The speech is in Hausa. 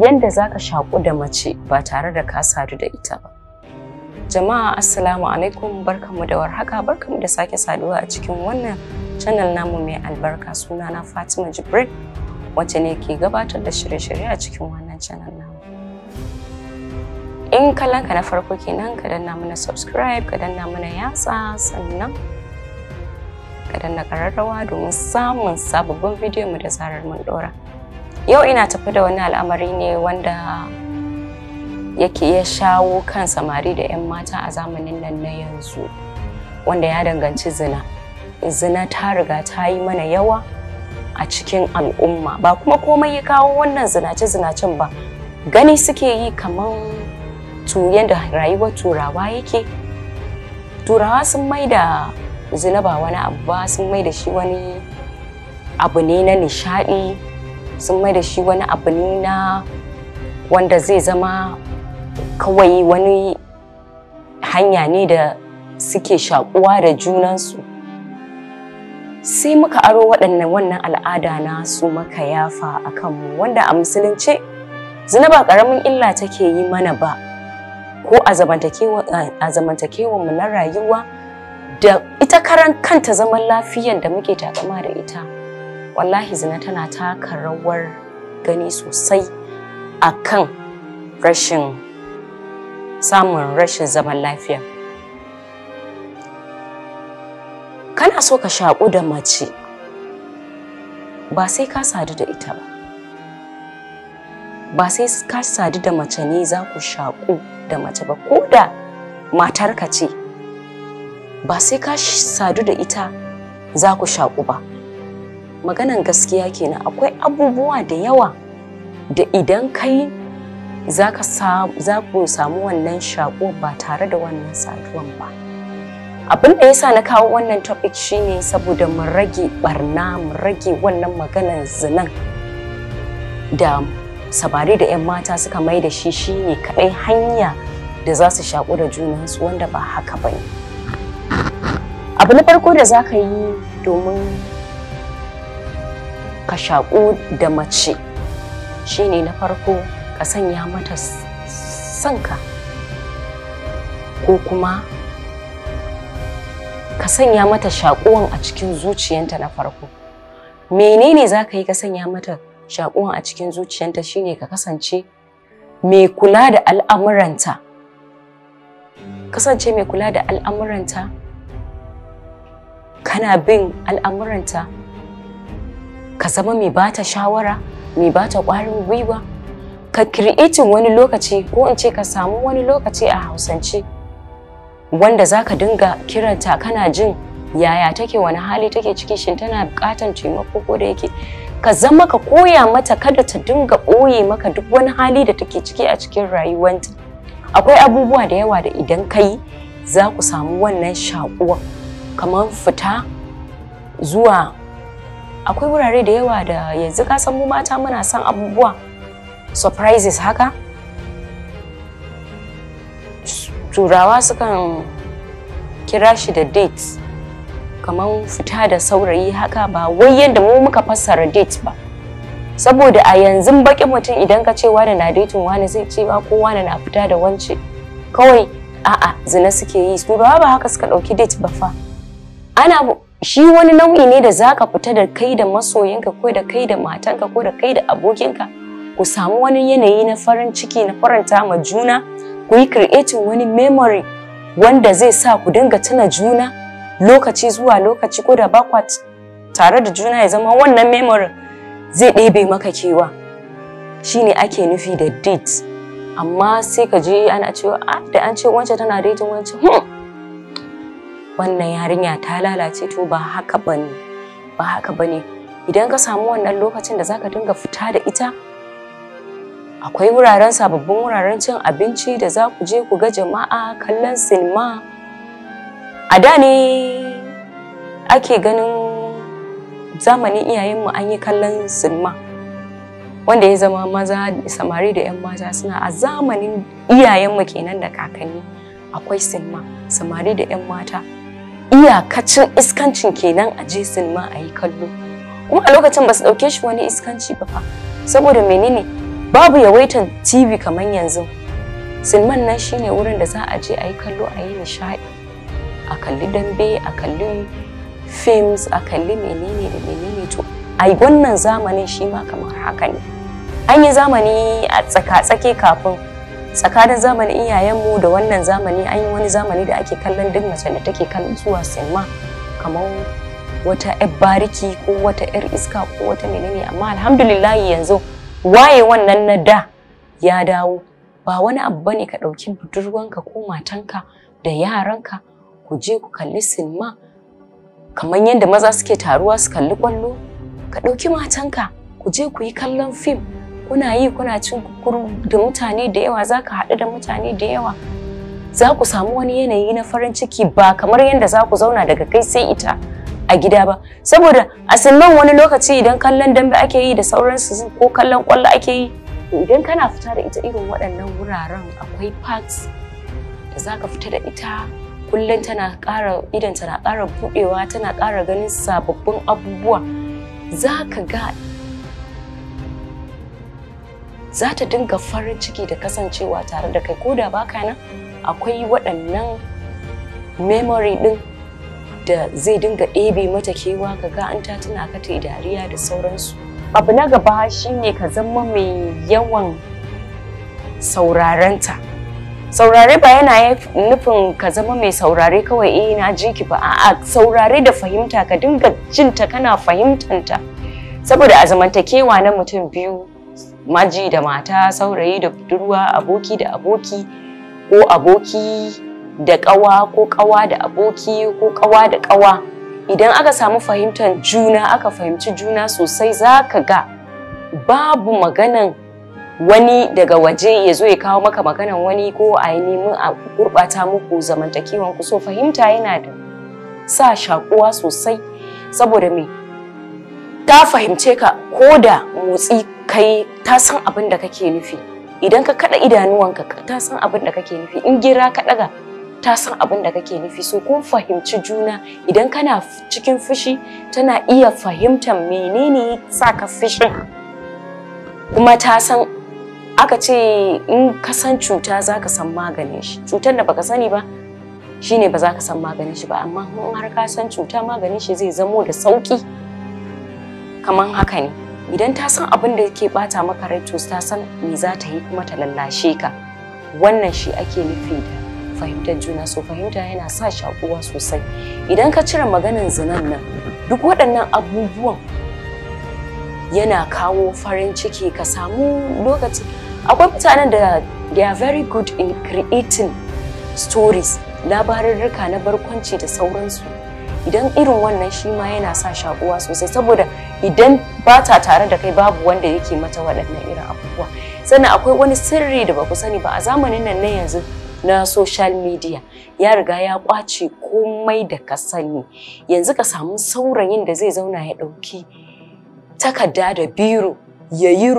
yanda za ka shaƙu da mace ba tare da ka sadu da ita ba. Jama'a Assalamu alaikum barkamu da warhaka barkamu da sake saduwa a cikin wannan channel namu mai albarka sunana Fatima Jibril wacce ne ke gabatar da shirye-shirye a cikin wannan channel namu. In kallon ka na farko kenan ka danna mana subscribe ka danna mana yatsa sannan ka danna ƙararrawa domin samun sababbin bidiyon mu da zarar mun ɗora. yau ina tafi da wani al'amari ne wanda yake ya shawo kan samari da 'yan mata a zamanin nan na yanzu wanda ya danganci zina zina ta riga ta yi mana yawa a cikin al'umma ba kuma komai ya kawo wannan zinace-zinacen ba gani suke yi kaman da rayuwar turawa yake turawa sun mai da zina ba wani abu ba sun mai da shi wani abu ne na nishaɗi sun mai da shi wani abu ne na wanda zai zama kawai wani hanya ne da suke shakuwa da junansu sai muka aro waɗannan wannan al'ada na su maka yafa a kanmu wanda a musulunce zina ba ƙaramin illa take yi mana ba ko a mu na rayuwa da ita karan kanta zaman lafiyan da muke takama da ita wallahi zina tana taka rawar gani sosai a kan rashin samun rashin zaman lafiya kana so ka shaƙu da mace ba sai ka sadu da ita ba ba sai ka sadu da mace ne za ku shaƙu da mace ba ko da matarka ce ba sai ka sadu da ita za ku shaƙu ba maganan gaskiya kenan akwai abubuwa da yawa da idan kai za ku samu wannan shaƙo ba tare da wannan saduwan ba abin da yasa na kawo wannan topic shine saboda mu rage barna mu rage wannan maganan zinan da sabari da 'yan mata suka mai da shi shine kaɗai hanya da za su shaƙu da junansu wanda ba haka ba ne abu na farko da za ka yi domin ka shaƙu da mace shine na farko ka sanya mata sanka ko kuma ka sanya mata shaƙuwan a cikin zuciyanta na farko menene za ka yi ka sanya mata shaƙuwan a cikin zuciyanta shine ka kasance mai kula da al'amuranta kasance mai kula da al'amuranta kana bin al'amuranta ka zama mai bata shawara mai bata kwarin gwiwa ka creating wani lokaci ko in ce ka samu wani lokaci a hausance wanda za ka dinga kiranta kana jin yaya take wani hali take ciki shin tana bukatar taimako ko da yake ka zama ka koya mata kada ta dinga ɓoye maka duk wani hali da take ciki a cikin rayuwanta akwai abubuwa da yawa da idan ka yi za ku samu wannan shakuwa kamar fita zuwa akwai wurare da yawa da yanzu ka san mu mata muna son abubuwa surprises haka turawa sukan kira shi da dates, kamar fita da saurayi haka ba wai yadda mu muka fassara date ba saboda a yanzu baƙin mutum idan ka ce wani na datin wani zai ce ba ko wani na fita da wance kawai a'a zina suke yi turawa ba haka suka ɗauki date ba fa ana shi wani nau'i ne da za ka fita da kai da masoyinka ko da kai da matanka ko da kai da abokinka ku samu wani yanayi na farin ciki na faranta ma juna ku yi creating wani memory wanda zai sa ku dinga tuna juna lokaci zuwa lokaci ko da ba tare da juna ya zama wannan memory zai ɗebe maka kewa shine ake nufi da date amma sai ka je ana cewa a ah, da an ce wancan tana dating wancan hmm, wannan yarinya ta lalace to ba haka bane ba haka bane idan ka samu wannan lokacin da zaka dinga fita da ita akwai wuraren sababbin wuraren cin abinci da za ku je ku ga jama'a kallon sinima a da ne ake ganin zamanin iyayenmu an yi kallon sinima wanda ya zama maza samari da 'yan mata suna a zamanin iyayenmu kenan da kakanni akwai sinima samari da 'yan mata iyakacin iskancin kenan a je sinima a yi kallo kuma a lokacin ba su ɗauke shi wani iskanci ba fa saboda menene babu yawaitan tv kaman yanzu sinman nan shine wurin da za a je a yi kallo a yi nishaɗi a kalli dambe a kalli films a kalli menene da menene to a wannan zamanin shi ma kamar haka ne an yi zamani a tsaka-tsake kafin tsakanin zamanin iyayenmu da wannan zamani an yi wani zamani da ake kallon duk mace da take kallon zuwa sinima kamar wata yar bariki ko wata yar iska ko wata menene amma alhamdulillah yanzu waye wannan na da ya dawo ba wani abu bane ka ɗauki budurwanka ko matanka da yaranka ku je ku kalli sinima kamar yadda maza suke taruwa su kalli kwallo ka ɗauki matanka ku je ku yi kallon fim kuna yi kuna cin kukuru da mutane da yawa za ka haɗu da mutane da yawa za ku samu wani yanayi na farin ciki ba kamar yadda za ku zauna daga kai sai ita a gida ba saboda a sannan wani lokaci idan kallon dambe ake yi da sauransu ko kallon kwallo ake yi idan kana fita da ita irin waɗannan wuraren akwai parks da za ka fita da ita kullum tana ƙara idan tana ƙara buɗewa tana ƙara ganin sababbin abubuwa za ka ga za ta dinga farin ciki da kasancewa tare da kai koda baka nan akwai waɗannan memory ɗin da zai dinga ɗebe mata kewa ka ga an ta tuna ka ta dariya da sauransu abu na gaba shine ka zama mai yawan saurarenta saurare ba yana nufin ka zama mai saurare kawai eh na ji ki ba a'a saurare da fahimta ka dinga jinta kana fahimtanta saboda a zamantakewa na mutum biyu maji da mata saurayi da budurwa aboki da aboki ko aboki da ƙawa ko kawa da aboki ko kawa da ƙawa idan aka samu fahimtar juna aka fahimci juna sosai za ka ga babu maganan wani daga waje ya zo ya kawo maka maganan wani ko a yi neman a gurɓata muku zamantakewan ku so fahimta yana da sa shakuwa sosai saboda me ka fahimce ka ko da motsi kai ta san abin da kake nufi idan ka kada idanuwanka ta san abin da kake nufi in gira ka daga ta san abin da kake nufi so kun fahimci juna idan kana cikin fushi tana iya fahimtar menene sa ka fushin kuma ta san aka ce in ka san cuta za ka san maganin shi cutar da baka sani ba shine ba za ka san maganin shi ba amma in har ka san cuta maganin shi zai zamo da sauki kaman haka ne idan ta san abin da yake bata maka rai to ta san me za ta yi kuma ta lallashe ka wannan shi ake nufi da fahimtar juna so fahimta yana sa shakuwa sosai idan ka cire maganin zinan nan duk waɗannan abubuwan yana kawo farin ciki ka samu lokaci akwai mutanen da they are very good in creating stories labarurruka na barkwanci da sauransu idan irin wannan shi ma yana sa shakuwa sosai saboda idan ba ta tare da kai babu wanda yake mata waɗannan irin abubuwa sannan akwai wani sirri da ba ku sani ba a zamanin nan na yanzu na social media ya riga ya kwace komai da ka sani yanzu ka samu saurayin da zai zauna ya ɗauki takarda da biro ya yi